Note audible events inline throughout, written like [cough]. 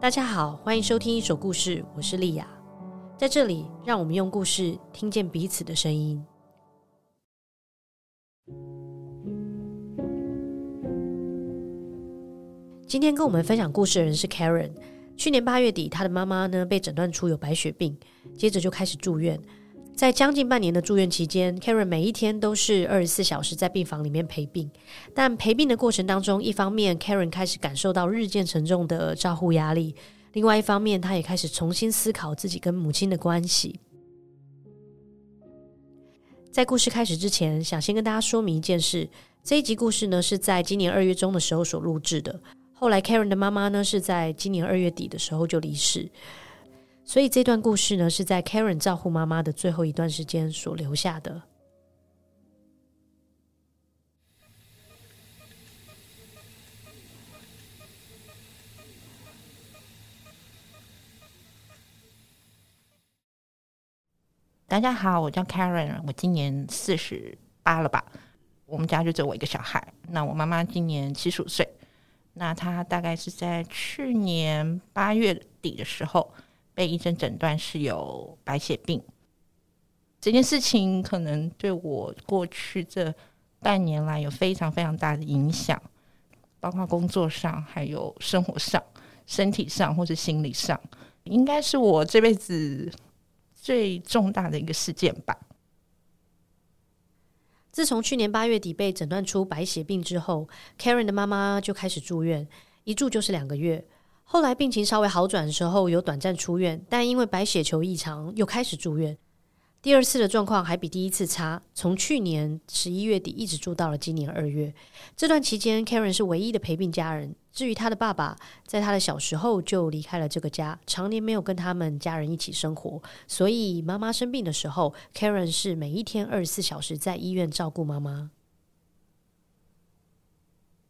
大家好，歡迎收聽《一手故事》，我是莉雅。在這裡，讓我們用故事聽見彼此的聲音。今天跟我們分享故事的人是 Karen。去年八月底，她的媽媽呢被診斷出有白血病，接着就開始住院。在將近半年的住院期間，Karen 每一天都是二十四小時在病房裡面陪病。但陪病的過程當中，一方面 Karen 開始感受到日漸沉重的照護壓力，另外一方面，她也開始重新思考自己跟母親的關係。在故事開始之前，想先跟大家說明一件事：這一集故事呢是在今年二月中的時候所錄製的。後來 Karen 的媽媽呢是在今年二月底的時候就離世。所以這段故事呢，是在 Karen 照顧媽媽的最後一段時間所留下的。大家好，我叫 Karen，我今年四十八了吧？我們家就只有我一個小孩。那我媽媽今年七十五歲，那她大概是在去年八月底的時候，被醫生診斷是有白血病，這件事情可能對我過去這半年來有非常非常大的影響，包括工作上，還有生活上，身體上或是心理上，應該是我這輩子最重大的一個事件吧。自從去年八月底被診斷出白血病之後，Karen 的媽媽就開始住院，一住就是兩個月。後來病情稍微好轉的時候，有短暫出院，但因為白血球異常，又開始住院。第二次的狀況還比第一次差，從去年十一月底一直住到了今年二月。這段期間，Karen 是唯一的陪病家人。至於她的爸爸，在他的小時候就離開了這個家，常年沒有跟他們家人一起生活，所以媽媽生病的時候，Karen 是每一天二十四小時在醫院照顧媽媽。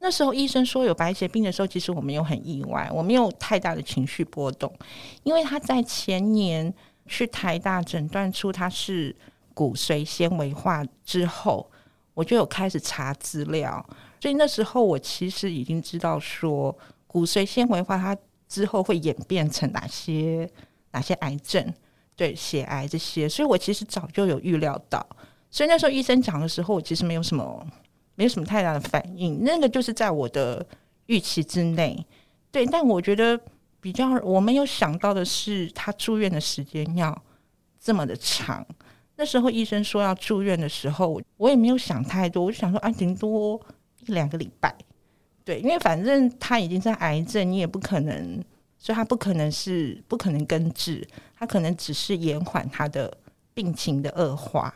那時候醫生說有白血病的時候，其實我沒有很意外，我沒有太大的情緒波動，因為他在前年去台大診斷出他是骨髓纖維化之後，我就有開始查資料，所以那時候我其實已經知道說骨髓纖維化它之後會演變成哪些哪些癌症，對，血癌這些，所以我其實早就有預料到，所以那時候醫生講的時候，我其實沒有什麼。沒有什麼太大的反應，那個就是在我的預期之內，對。但我覺得比較我沒有想到的是，他住院的時間要這麼的長。那時候醫生說要住院的時候，我也沒有想太多，我就想說啊，頂多一兩個禮拜，對。因為反正他已經在癌症，你也不可能，所以他不可能是不可能根治，他可能只是延緩他的病情的惡化。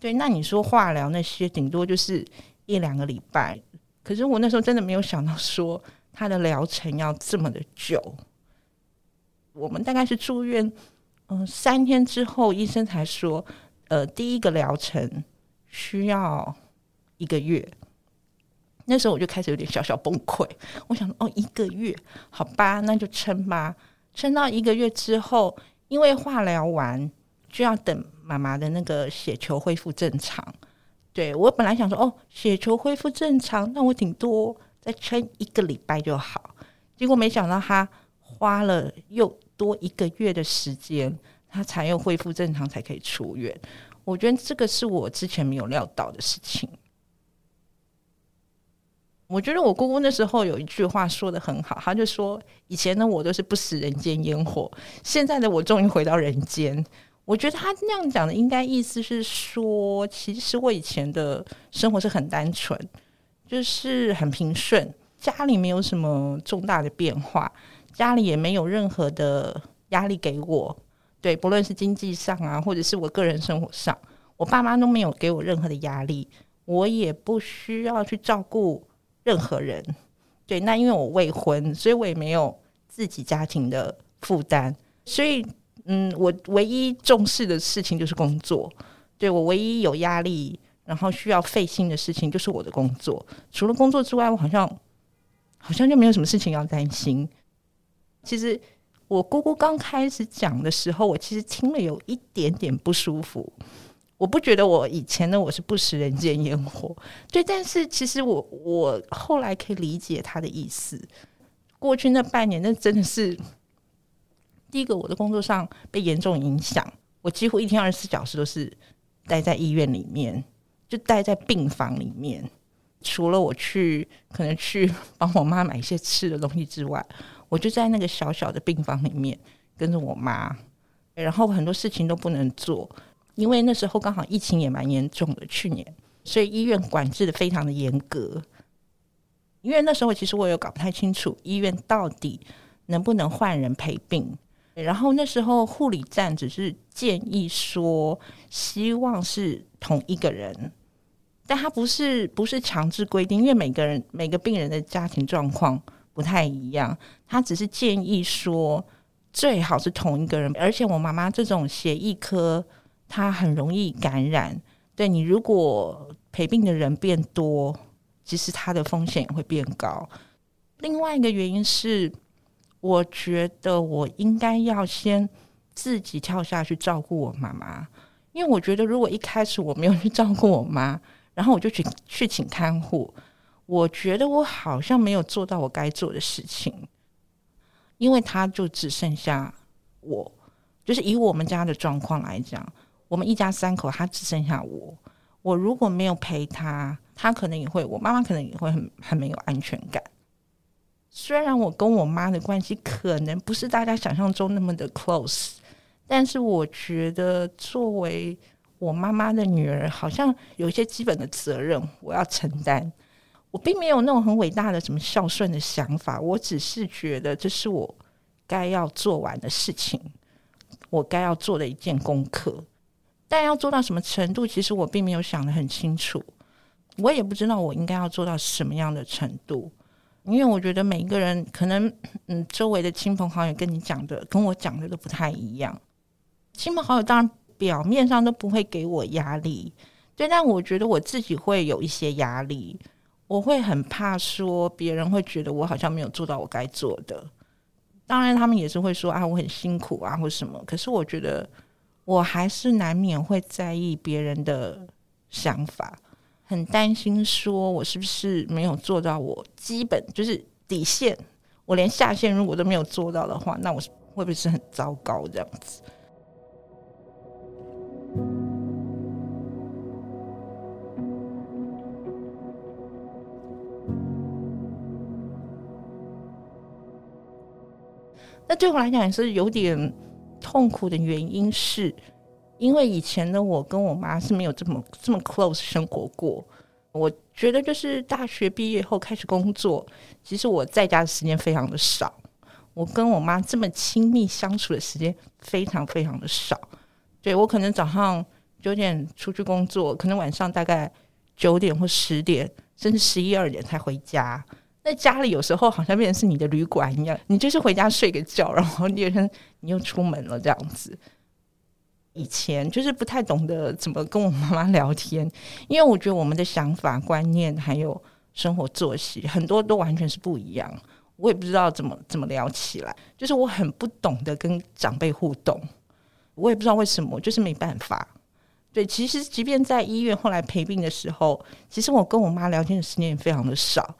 對，那你說化療那些，頂多就是。一兩個禮拜，可是我那時候真的沒有想到說他的療程要這麼的久。我們大概是住院，嗯、呃，三天之後醫生才說，呃，第一個療程需要一個月。那時候我就開始有點小小崩潰，我想，哦，一個月，好吧，那就撐吧。撐到一個月之後，因為化療完就要等媽媽的那個血球恢復正常。對，我本來想說，哦，血球恢復正常，那我頂多再撐一個禮拜就好。結果沒想到他花了又多一個月的時間，他才又恢復正常，才可以出院。我覺得這個是我之前沒有料到的事情。我覺得我姑姑那時候有一句話說得很好，他就說：以前的我都是不食人間煙火，現在的我終於回到人間。我覺得他那樣講的，應該意思是說，其實我以前的生活是很單純，就是很平順，家裡沒有什麼重大的變化，家裡也沒有任何的壓力給我。對，不論是經濟上啊，或者是我個人生活上，我爸媽都沒有給我任何的壓力，我也不需要去照顧任何人。對，那因為我未婚，所以我也沒有自己家庭的負擔，所以。嗯，我唯一重視的事情就是工作。對，我唯一有壓力，然後需要費心的事情就是我的工作。除了工作之外，我好像好像就沒有什麼事情要擔心。其實我姑姑剛開始講的時候，我其實聽了有一點點不舒服。我不覺得我以前呢，我是不食人間煙火，對，但是其實我我後來可以理解她的意思。過去那半年，那真的是。第一個，我的工作上被嚴重影響，我幾乎一天二十四小時都是待在醫院裡面，就待在病房裡面。除了我去可能去幫我媽買一些吃的東西之外，我就在那個小小的病房裡面跟着我媽，然後很多事情都不能做，因為那時候剛好疫情也蠻嚴重的，去年，所以醫院管制得非常的嚴格。因為那時候其實我也搞不太清楚醫院到底能不能換人陪病。然後那時候護理站只是建議說，希望是同一個人，但他不是，不是強制規定，因為每個人、每個病人的家庭狀況不太一樣，他只是建議說最好是同一個人。而且我媽媽這種血液科，他很容易感染。對，你如果陪病的人變多，其實他的風險也會變高。另外一個原因是。我覺得我應該要先自己跳下去照顧我媽媽，因為我覺得如果一開始我沒有去照顧我媽，然後我就去去請看護，我覺得我好像沒有做到我該做的事情。因為她就只剩下我，就是以我們家的狀況來講，我們一家三口，她只剩下我。我如果沒有陪她，她可能也會，我媽媽可能也會很很沒有安全感。雖然我跟我媽的關係可能不是大家想象中那麼的 close，但是我覺得作為我媽媽的女兒，好像有一些基本的責任我要承擔。我並沒有那種很偉大的什麼孝順的想法，我只是覺得這是我該要做完的事情，我該要做的一件功課。但要做到什麼程度，其實我並沒有想得很清楚，我也不知道我應該要做到什麼樣的程度。因為我覺得每一個人可能，嗯，周圍的親朋好友跟你講的跟我講的都不太一樣。親朋好友當然表面上都不會給我壓力，對，但我覺得我自己會有一些壓力。我會很怕說別人會覺得我好像沒有做到我該做的。當然他們也是會說啊，我很辛苦啊，或什麼。可是我覺得我還是難免會在意別人的想法。很擔心，說我是不是沒有做到我基本就是底線？我連下線如果都沒有做到的話，那我是會不會是很糟糕這樣子？ [music] 那對我來講是有點痛苦的原因是。因為以前的我跟我媽是沒有這麼這麼 close 生活過，我覺得就是大學畢業後開始工作，其實我在家的時間非常的少，我跟我媽這麼親密相處的時間非常非常的少。對，我可能早上九點出去工作，可能晚上大概九點或十點，甚至十一二點才回家。那家裡有時候好像變成是你的旅館一樣，你就是回家睡個覺，然後第二天你又出門了這樣子。以前就是不太懂得怎麼跟我媽媽聊天，因為我覺得我們的想法、觀念還有生活作息很多都完全是不一樣，我也不知道怎麼怎麼聊起來。就是我很不懂得跟長輩互動，我也不知道為什麼，就是沒辦法。對，其實即便在醫院後來陪病的時候，其實我跟我媽聊天的時間也非常的少，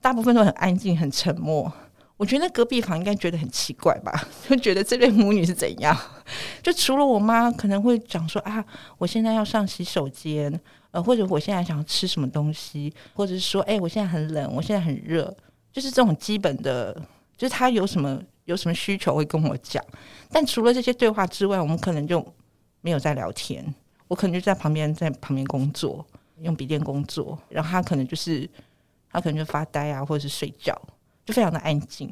大部分都很安靜、很沉默。我覺得隔壁房應該覺得很奇怪吧，就覺得這對母女是怎樣？就除了我媽可能會講說啊，我現在要上洗手間，呃，或者我現在想要吃什麼東西，或者是說，欸，我現在很冷，我現在很熱，就是這種基本的，就是她有什麼有什麼需求會跟我講。但除了這些對話之外，我們可能就沒有在聊天。我可能就在旁邊，在旁邊工作，用筆電工作，然後她可能就是她可能就發呆啊，或者是睡覺。就非常的安靜。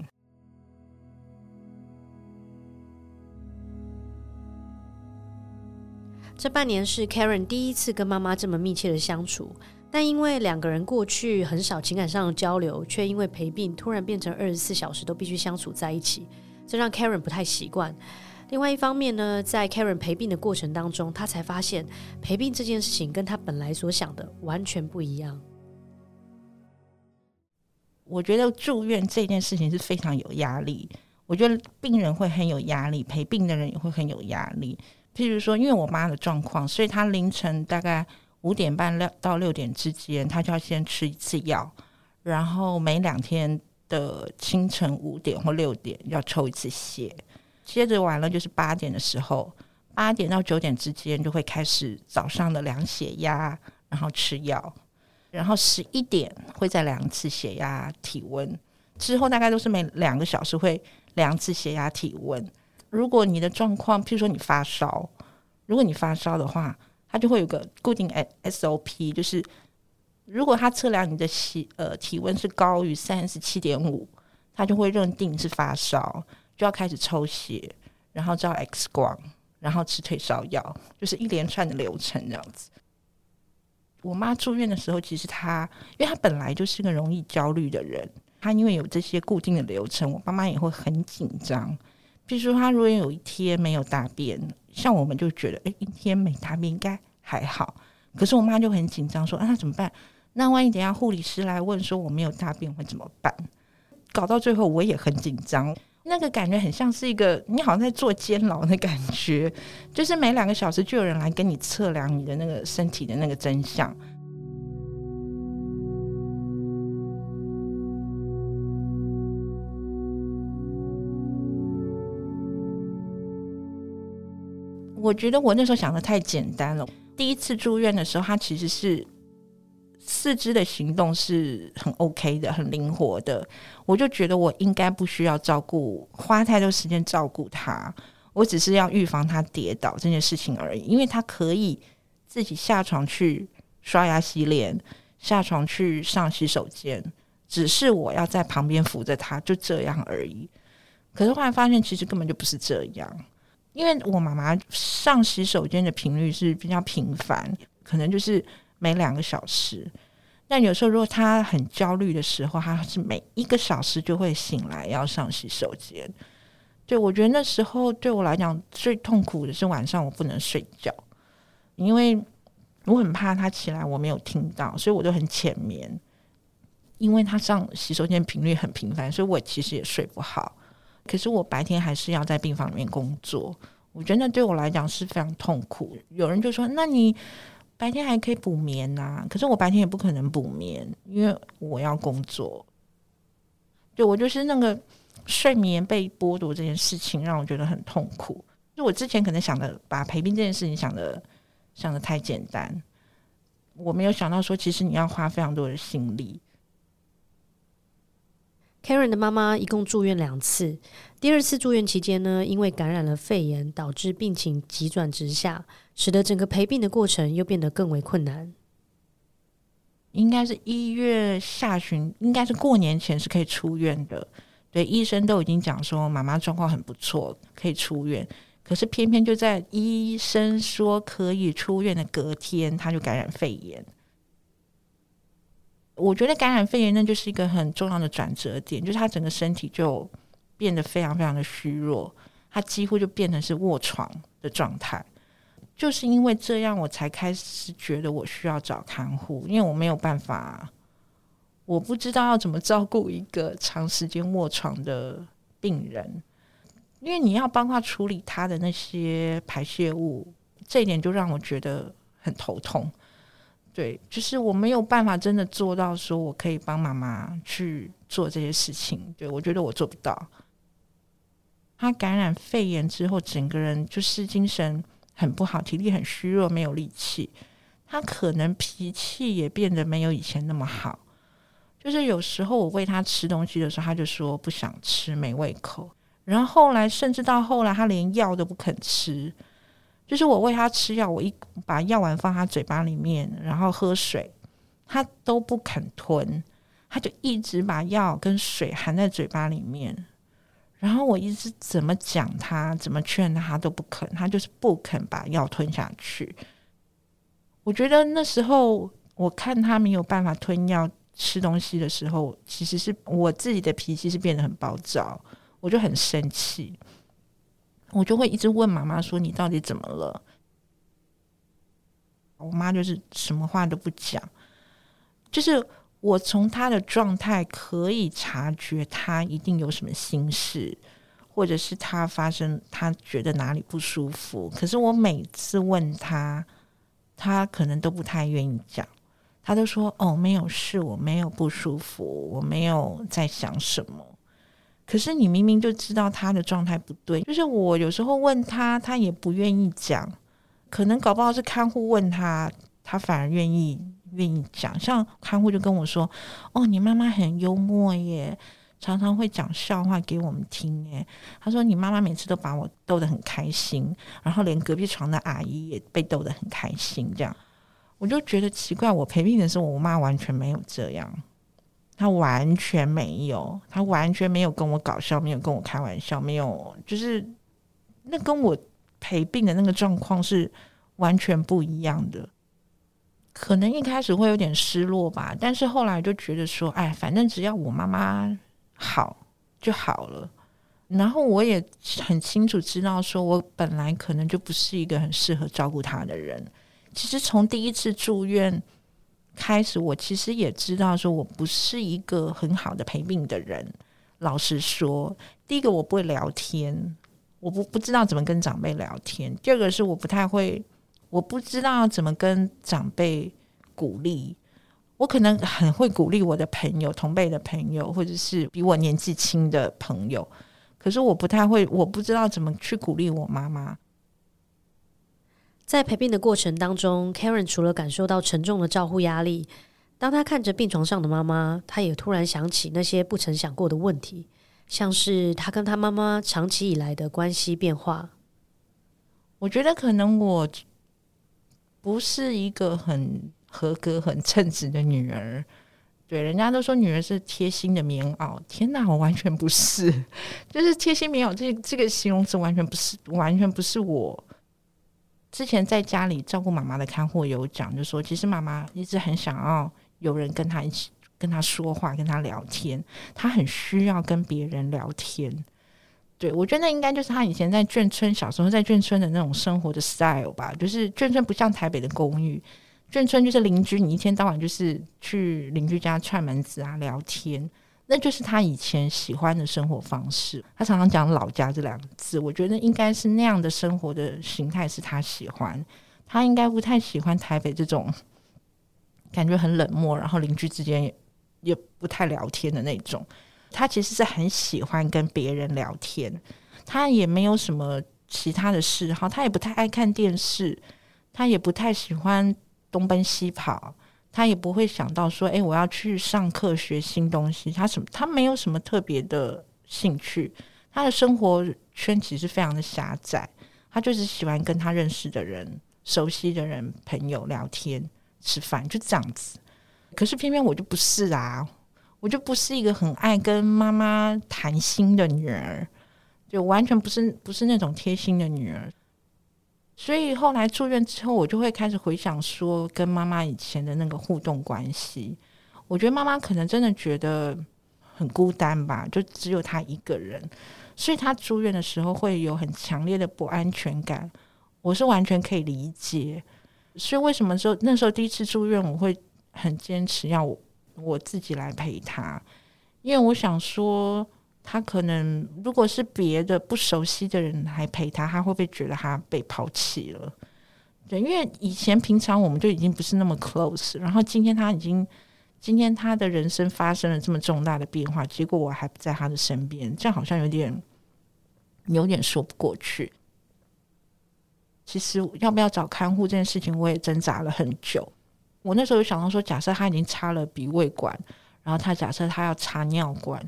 這半年是 Karen 第一次跟媽媽這麼密切的相處，但因為兩個人過去很少情感上的交流，卻因為陪病突然變成二十四小時都必須相處在一起，這讓 Karen 不太習慣。另外一方面呢，在 Karen 陪病的過程當中，她才發現陪病這件事情跟她本來所想的完全不一樣。我覺得住院這件事情是非常有壓力。我覺得病人會很有壓力，陪病的人也會很有壓力。譬如說，因為我媽的狀況，所以她凌晨大概五點半到六點之間，她就要先吃一次藥，然後每兩天的清晨五點或六點要抽一次血，接着完了就是八點的時候，八點到九點之間就會開始早上的量血壓，然後吃藥。然後十一點會再量一次血壓、體溫之後，大概都是每兩個小時會量次血壓、體溫。如果你的狀況，譬如說你發燒，如果你發燒的話，他就會有個固定 SOP，就是如果他測量你的體溫是高於三十七點五，他就會認定是發燒，就要開始抽血，然後照 X 光，然後吃退燒藥，就是一連串的流程這樣子。我媽住院的時候，其實她，因為她本來就是個容易焦慮的人，她因為有這些固定的流程，我爸媽也會很緊張。比如說，她如果有一天沒有大便，像我們就覺得，哎，一天沒大便應該還好。可是我媽就很緊張說，說啊，那怎麼辦？那萬一等下護理師來問說我沒有大便會怎麼辦？搞到最後我也很緊張。那個感覺很像是一個，你好像在坐監牢的感覺，就是每兩個小時就有人來跟你測量你的那個身體的那個真相。我覺得我那時候想的太簡單了。第一次住院的時候，他其實是。四肢的行動是很 OK 的，很靈活的。我就覺得我應該不需要照顧，花太多時間照顧他。我只是要預防他跌倒這件事情而已，因為他可以自己下床去刷牙洗臉，下床去上洗手間，只是我要在旁邊扶着他，就這樣而已。可是後來發現，其實根本就不是這樣，因為我媽媽上洗手間的頻率是比較頻繁，可能就是。每兩個小時，那有時候如果他很焦慮的時候，他是每一個小時就會醒來要上洗手間。對，我覺得那時候對我來講最痛苦的是晚上我不能睡覺，因為我很怕他起來我沒有聽到，所以我就很淺眠。因為他上洗手間頻率很頻繁，所以我其實也睡不好。可是我白天還是要在病房裡面工作，我覺得那對我來講是非常痛苦。有人就說：“那你。”白天還可以補眠啊，可是我白天也不可能補眠，因為我要工作。對，我就是那個睡眠被剝奪這件事情讓我覺得很痛苦。就我之前可能想的把陪病這件事情想的，想的太簡單，我沒有想到說其實你要花非常多的心力。Karen 的媽媽一共住院兩次，第二次住院期間呢，因為感染了肺炎，導致病情急轉直下。使得整個陪病的過程又變得更為困難。應該是一月下旬，應該是過年前是可以出院的。對，醫生都已經講說媽媽狀況很不錯，可以出院。可是偏偏就在醫生說可以出院的隔天，她就感染肺炎。我覺得感染肺炎那就是一個很重要的轉折點，就是她整個身體就變得非常非常的虛弱，她幾乎就變成是臥床的狀態。就是因為這樣，我才開始覺得我需要找看護，因為我沒有辦法，我不知道要怎麼照顧一個長時間臥床的病人。因為你要幫他處理他的那些排泄物，這一點就讓我覺得很頭痛。對，就是我沒有辦法真的做到，說我可以幫媽媽去做這些事情。對，我覺得我做不到。他感染肺炎之後，整個人就是精神。很不好，體力很虛弱，沒有力氣。他可能脾氣也變得沒有以前那麼好。就是有時候我餵他吃東西的時候，他就說不想吃，沒胃口。然後後來，甚至到後來，他連藥都不肯吃。就是我餵他吃藥，我一把藥丸放他嘴巴裡面，然後喝水，他都不肯吞，他就一直把藥跟水含在嘴巴裡面。然後我一直怎麼講他，怎麼勸他，他都不肯，他就是不肯把藥吞下去。我覺得那時候我看他沒有辦法吞藥吃東西的時候，其實是我自己的脾氣是變得很暴躁，我就很生氣，我就會一直問媽媽說：“你到底怎麼了？”我媽就是什麼話都不講，就是。我從他的狀態可以察覺，他一定有什麼心事，或者是他發生他覺得哪裡不舒服。可是我每次問他，他可能都不太願意講，他都說：“哦，沒有事，我沒有不舒服，我沒有在想什麼。”可是你明明就知道他的狀態不對，就是我有時候問他，他也不願意講，可能搞不好是看護問他，他反而願意。願意講，像看護就跟我說：“哦，你媽媽很幽默耶，常常會講笑話給我們聽耶。”他說：“你媽媽每次都把我逗得很開心，然後連隔壁床的阿姨也被逗得很開心。”這樣，我就覺得奇怪。我陪病的時候，我媽完全沒有這樣，她完全沒有，她完全沒有跟我搞笑，沒有跟我開玩笑，沒有，就是那跟我陪病的那個狀況是完全不一樣的。可能一開始會有點失落吧，但是後來就覺得說，哎，反正只要我媽媽好就好了。然後我也很清楚知道，說我本來可能就不是一個很適合照顧她的人。其實從第一次住院開始，我其實也知道，說我不是一個很好的陪病的人。老實說，第一個我不會聊天，我不不知道怎麼跟長輩聊天。第二個是我不太會。我不知道怎麼跟長輩鼓勵，我可能很會鼓勵我的朋友、同輩的朋友，或者是比我年紀輕的朋友，可是我不太會，我不知道怎麼去鼓勵我媽媽。在陪病的過程當中，Karen 除了感受到沉重的照護壓力，當她看着病床上的媽媽，她也突然想起那些不曾想過的問題，像是她跟她媽媽長期以來的關係變化。我覺得可能我。不是一個很合格、很稱職的女兒，對，人家都說女兒是貼心的棉袄。天哪、啊，我完全不是，就是貼心棉袄這個、這個形容詞完全不是，完全不是我。之前在家裡照顧媽媽的看護有講，就說其實媽媽一直很想要有人跟她一起跟她說話，跟她聊天，她很需要跟別人聊天。對，我覺得那應該就是他以前在眷村小時候，在眷村的那種生活的 style 吧。就是眷村不像台北的公寓，眷村就是鄰居，你一天到晚就是去鄰居家串門子啊聊天，那就是他以前喜歡的生活方式。他常常講“老家”這兩個字，我覺得應該是那樣的生活的形態是他喜歡，他應該不太喜歡台北這種感覺很冷漠，然後鄰居之間也也不太聊天的那種。他其實是很喜歡跟別人聊天，他也沒有什麼其他的嗜好，他也不太愛看電視，他也不太喜歡東奔西跑，他也不會想到說，哎、欸，我要去上課學新東西，他什麼，他沒有什麼特別的興趣，他的生活圈其實非常的狹窄，他就是喜歡跟他認識的人、熟悉的人、朋友聊天、吃飯，就這樣子。可是偏偏我就不是啊。我就不是一個很愛跟媽媽談心的女兒，就完全不是，不是那種貼心的女兒。所以後來住院之後，我就會開始回想說跟媽媽以前的那個互動關係。我覺得媽媽可能真的覺得很孤單吧，就只有她一個人。所以她住院的時候會有很強烈的不安全感，我是完全可以理解。所以為什麼說那時候第一次住院，我會很堅持要我。我自己來陪他，因為我想說，他可能如果是別的不熟悉的人來陪他，他會不會覺得他被拋棄了？對，因為以前平常我們就已經不是那麼 close，然後今天他已經，今天他的人生發生了這麼重大的變化，結果我還不在他的身邊，這樣好像有點有點說不過去。其實要不要找看護這件事情，我也掙扎了很久。我那時候有想到說，假設他已經插了鼻胃管，然後他假設他要插尿管，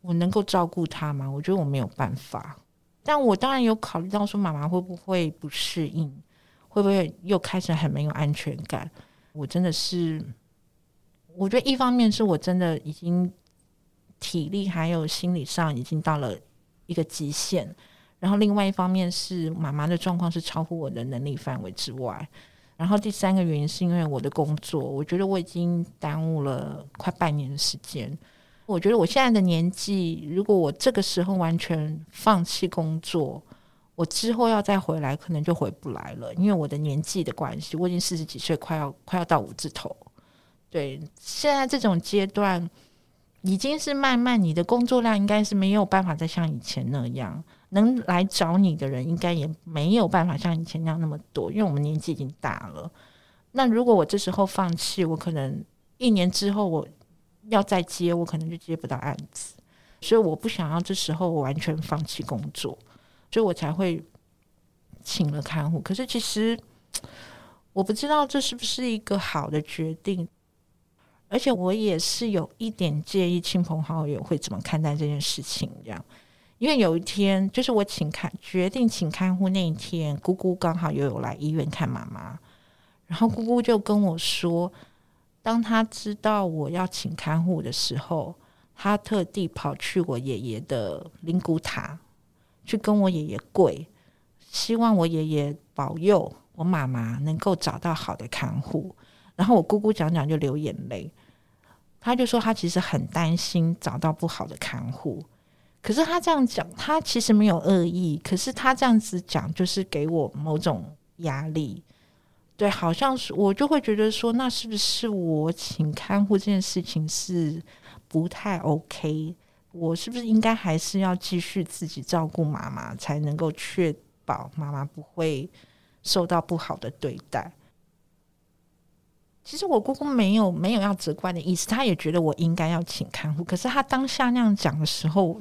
我能夠照顧他嗎？我覺得我沒有辦法。但我當然有考慮到說，媽媽會不會不適應？會不會又開始很沒有安全感？我真的是，我覺得一方面是我真的已經體力還有心理上已經到了一個極限，然後另外一方面是媽媽的狀況是超乎我的能力範圍之外。然後第三個原因是因為我的工作，我覺得我已經耽誤了快半年的時間。我覺得我現在的年紀，如果我這個時候完全放棄工作，我之後要再回來，可能就回不來了，因為我的年紀的關係，我已經四十幾歲，快要快要到五字頭。對，現在這種階段已經是慢慢，你的工作量應該是沒有辦法再像以前那樣。能來找你的人應該也沒有辦法像以前那樣那麼多，因為我們年紀已經大了。那如果我這時候放棄，我可能一年之後我要再接，我可能就接不到案子。所以我不想要這時候我完全放棄工作，所以我才會請了看護。可是其實我不知道這是不是一個好的決定，而且我也是有一點介意親朋好友會怎麼看待這件事情，這樣。因為有一天，就是我請看決定請看護那一天，姑姑剛好又有來醫院看媽媽，然後姑姑就跟我說，當她知道我要請看護的時候，她特地跑去我爺爺的靈骨塔去跟我爺爺跪，希望我爺爺保佑我媽媽能夠找到好的看護。然後我姑姑講講就流眼淚，她就說她其實很擔心找到不好的看護。可是他這樣講，他其實沒有惡意。可是他這樣子講，就是給我某種壓力。對，好像是我就會覺得說，那是不是我請看護這件事情是不太 OK？我是不是應該還是要繼續自己照顧媽媽，才能夠確保媽媽不會受到不好的對待？其實我姑姑沒有沒有要責怪的意思，她也覺得我應該要請看護。可是她當下那樣講的時候，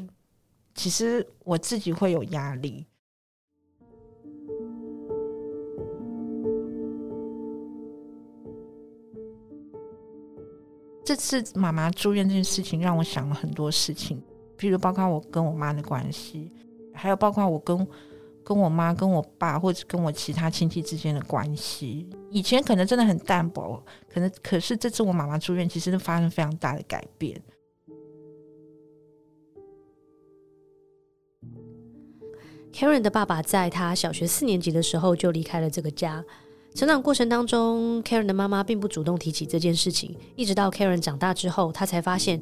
其實我自己會有壓力。這次媽媽住院這件事情，讓我想了很多事情，比如包括我跟我媽的關係，還有包括我跟跟我媽跟我爸或者跟我其他親戚之間的關係。以前可能真的很淡薄，可能可是這次我媽媽住院，其實都發生非常大的改變。Karen 的爸爸在他小學四年級的時候就離開了這個家。成長過程當中，Karen 的媽媽並不主動提起這件事情，一直到 Karen 長大之後，她才發現，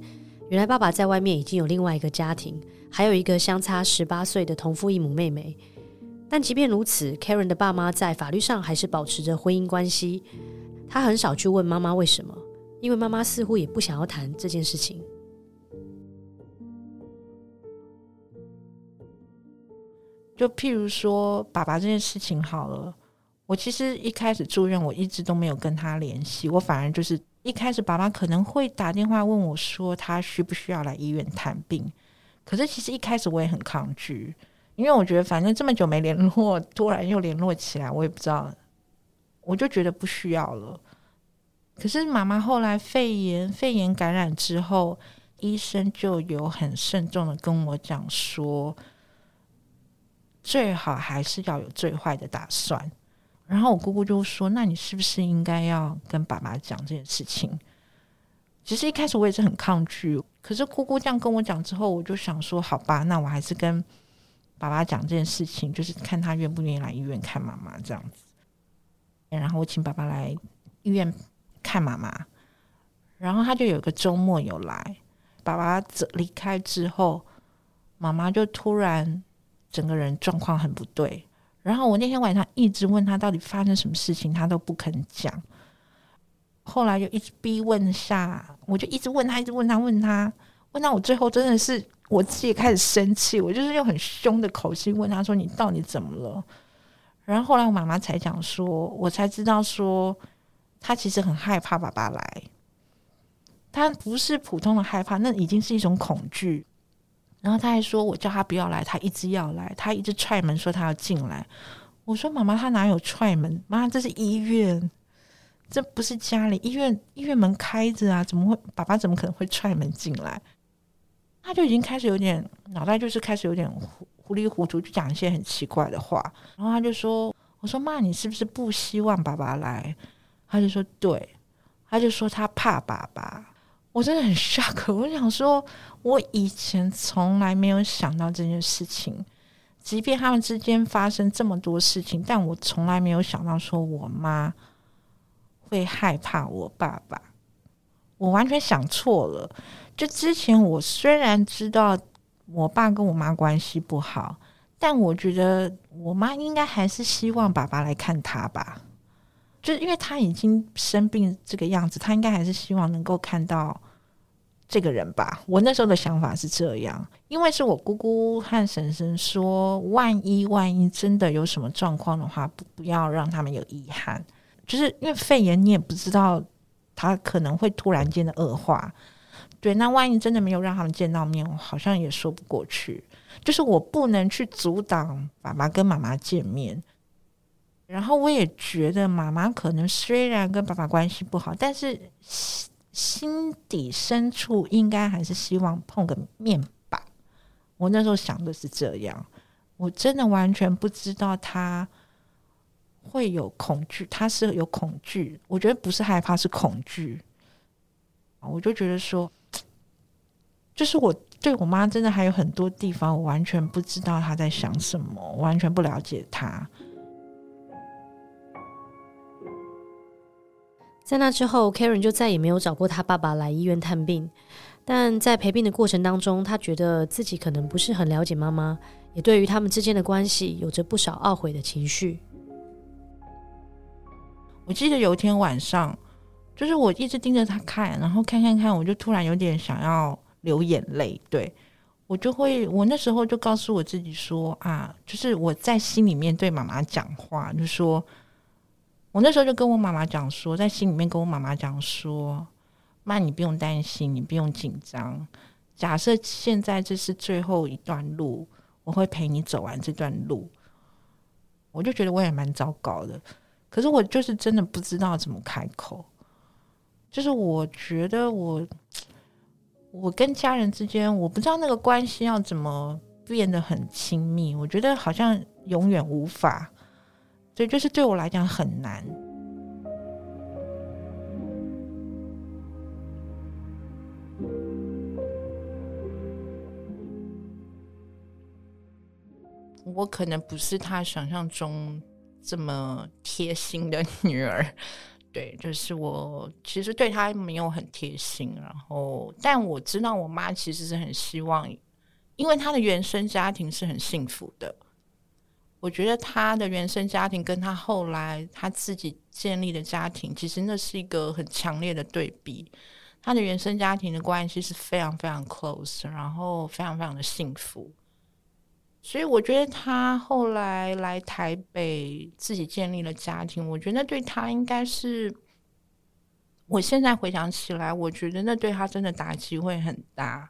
原來爸爸在外面已經有另外一個家庭，還有一個相差十八歲的同父異母妹妹。但即便如此，Karen 的爸媽在法律上還是保持着婚姻關係。她很少去問媽媽為什麼，因為媽媽似乎也不想要談這件事情。就譬如說，爸爸這件事情好了，我其實一開始住院，我一直都沒有跟他聯繫，我反而就是一開始爸爸可能會打電話問我說他需不需要來醫院探病，可是其實一開始我也很抗拒，因為我覺得反正這麼久沒聯絡，突然又聯絡起來，我也不知道，我就覺得不需要了。可是媽媽後來肺炎，肺炎感染之後，醫生就有很慎重的跟我講說。最好還是要有最壞的打算。然後我姑姑就說：“那你是不是應該要跟爸爸講這件事情？”其實一開始我也是很抗拒，可是姑姑這樣跟我講之後，我就想說：“好吧，那我還是跟爸爸講這件事情，就是看他願不願意來醫院看媽媽這樣子。”然後我請爸爸來醫院看媽媽，然後他就有一個周末有來。爸爸離開之後，媽媽就突然。整個人狀況很不對，然後我那天晚上一直問他到底發生什麼事情，他都不肯講。後來就一直逼問一下，我就一直問他，一直問他，問他，問他，我最後真的是我自己也開始生氣，我就是用很兇的口氣問他說：“你到底怎麼了？”然後後來我媽媽才講說，我才知道說他其實很害怕爸爸來，他不是普通的害怕，那已經是一種恐懼。然後他還說：“我叫他不要來，他一直要來，他一直踹門說他要進來。”我說：“媽媽，他哪有踹門？媽，這是醫院，這不是家裡。醫院醫院門開着啊，怎麼會？爸爸怎麼可能會踹門進來？”他就已經開始有點腦袋，就是開始有點糊糊裡糊塗，就講一些很奇怪的話。然後他就說：“我說媽，你是不是不希望爸爸來？”他就說：“對。”他就說：“他怕爸爸。”我真的很 shock，我想說，我以前從來沒有想到這件事情。即便他們之間發生這麼多事情，但我從來沒有想到說我媽會害怕我爸爸。我完全想錯了。就之前我雖然知道我爸跟我媽關係不好，但我覺得我媽應該還是希望爸爸來看她吧。就是因為他已經生病這個樣子，他應該還是希望能夠看到這個人吧，我那時候的想法是這樣，因為是我姑姑和嬸嬸說，萬一萬一真的有什麼狀況的話，不不要讓他們有遺憾，就是因為肺炎，你也不知道他可能會突然間的惡化，對，那萬一真的沒有讓他們見到面，我好像也說不過去，就是我不能去阻擋爸爸跟媽媽見面，然後我也覺得媽媽可能雖然跟爸爸關係不好，但是。心底深處應該還是希望碰個面吧。我那時候想的是這樣，我真的完全不知道他會有恐懼，他是有恐懼，我覺得不是害怕，是恐懼。我就覺得說，就是我對我媽真的還有很多地方，我完全不知道她在想什麼，我完全不了解她。在那之後，Karen 就再也沒有找過他爸爸來醫院探病。但在陪病的過程當中，他覺得自己可能不是很了解媽媽，也對於他們之間的關係有着不少懊悔的情緒。我記得有一天晚上，就是我一直盯着他看，然後看看看，我就突然有點想要流眼淚，對。我就會，我那時候就告訴我自己說啊，就是我在心裡面對媽媽講話，就說。我那時候就跟我媽媽講說，在心裡面跟我媽媽講說：“媽，你不用擔心，你不用緊張。假設現在這是最後一段路，我會陪你走完這段路。”我就覺得我也蠻糟糕的，可是我就是真的不知道怎麼開口。就是我覺得我，我跟家人之間，我不知道那個關係要怎麼變得很親密。我覺得好像永遠無法。所以，就是對我來講很難。我可能不是他想象中這麼貼心的女兒。對，就是我其實對他沒有很貼心。然後，但我知道我媽其實是很希望，因為她的原生家庭是很幸福的。我覺得他的原生家庭跟他後來他自己建立的家庭，其實那是一個很強烈的對比。他的原生家庭的關係是非常非常 close，然後非常非常的幸福。所以我覺得他後來來台北自己建立了家庭，我覺得那對他應該是，我現在回想起來，我覺得那對他真的打擊會很大。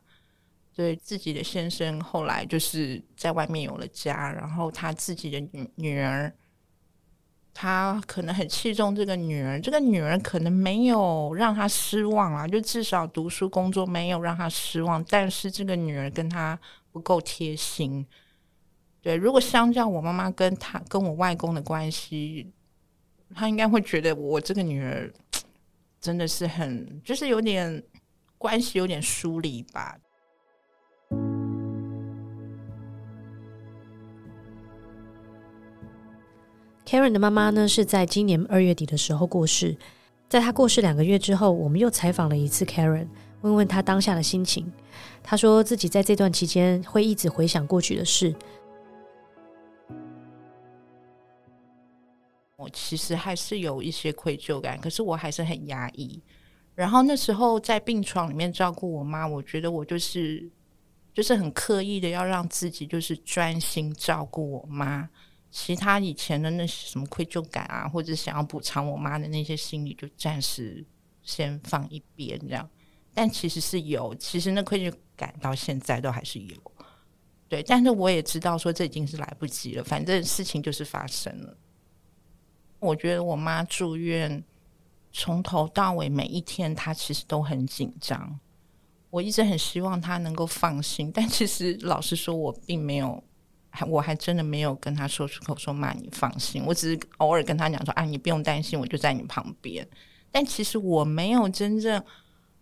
對，對自己的先生後來就是在外面有了家，然後他自己的女女兒，他可能很器重這個女兒，這個女兒可能沒有讓他失望啊，就至少讀書工作沒有讓他失望，但是這個女兒跟他不夠貼心。對，如果相較我媽媽跟他跟我外公的關係，他應該會覺得我這個女兒真的是很就是有點關係有點疏離吧。Karen 的媽媽呢，是在今年二月底的時候過世。在她過世兩個月之後，我們又採訪了一次 Karen，問問她當下的心情。她說自己在這段期間會一直回想過去的事。我其實還是有一些愧疚感，可是我還是很壓抑。然後那時候在病床裡面照顧我媽，我覺得我就是、就是很刻意的要讓自己就是專心照顧我媽。其他以前的那些什麼愧疚感啊，或者想要補償我媽的那些心理，就暫時先放一邊這樣。但其實是有，其實那愧疚感到現在都還是有。對，但是我也知道說這已經是來不及了，反正事情就是發生了。我覺得我媽住院從頭到尾每一天，她其實都很緊張。我一直很希望她能夠放心，但其實老實說，我並沒有。我還真的沒有跟他說出口，說，媽，你放心。我只是偶爾跟他講說，哎，你不用擔心，我就在你旁邊。但其實我沒有真正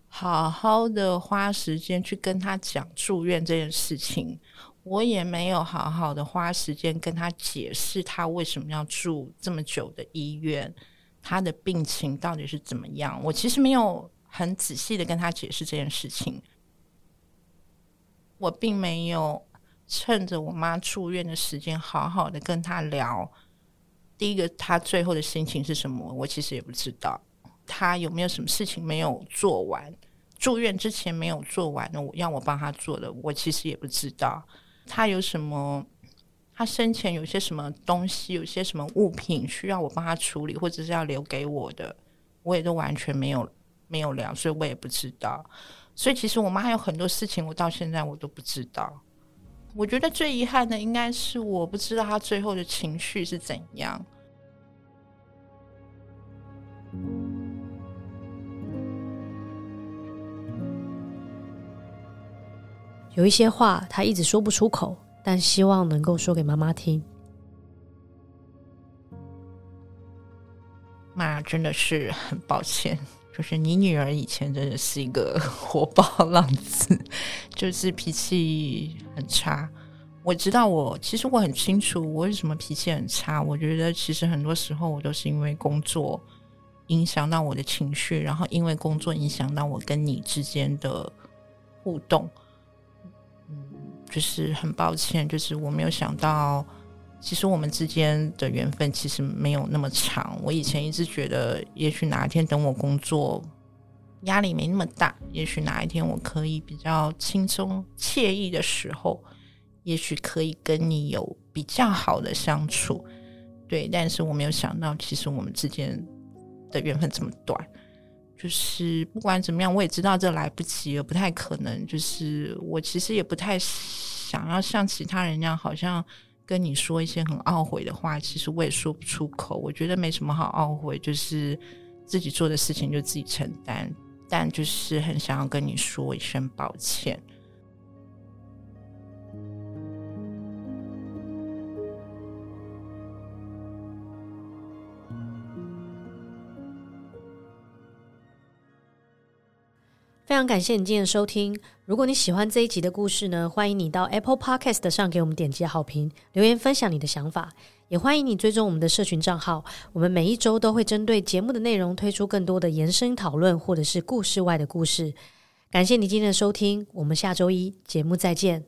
好好的花時間去跟他講住院這件事情，我也沒有好好的花時間跟他解釋他為什麼要住這麼久的醫院，他的病情到底是怎麼樣。我其實沒有很仔細的跟他解釋這件事情，我並沒有。趁着我媽住院的時間，好好的跟她聊。第一個，她最後的心情是什麼？我其實也不知道。她有沒有什麼事情沒有做完？住院之前沒有做完的，我要我幫她做的，我其實也不知道。她有什麼？她生前有些什麼東西？有些什麼物品需要我幫她處理，或者是要留給我的？我也都完全沒有沒有聊，所以我也不知道。所以，其實我媽還有很多事情，我到現在我都不知道。我覺得最遺憾的應該是我不知道他最後的情緒是怎樣。有一些話他一直說不出口，但希望能夠說給媽媽聽。媽真的是很抱歉。就是你女兒以前真的是一個火爆浪子，就是脾氣很差。我知道我，我其實我很清楚我為什麼脾氣很差。我覺得其實很多時候我都是因為工作影響到我的情緒，然後因為工作影響到我跟你之間的互動。嗯，就是很抱歉，就是我沒有想到。其實我們之間的緣分其實沒有那麼長。我以前一直覺得，也許哪一天等我工作壓力沒那麼大，也許哪一天我可以比較輕鬆愜意的時候，也許可以跟你有比較好的相處。對，但是我沒有想到，其實我們之間的緣分這麼短。就是不管怎麼樣，我也知道這來不及，也不太可能。就是我其實也不太想要像其他人那樣，好像。跟你說一些很懊悔的話，其實我也說不出口。我覺得沒什麼好懊悔，就是自己做的事情就自己承擔。但就是很想要跟你說一聲抱歉。非常感謝你今天的收聽。如果你喜歡這一集的故事呢，歡迎你到 Apple Podcast 上給我們點擊好評、留言分享你的想法。也歡迎你追蹤我們的社群賬號，我們每一周都會針對節目的內容推出更多的延伸討論或者是故事外的故事。感謝你今天的收聽，我們下周一，節目再見。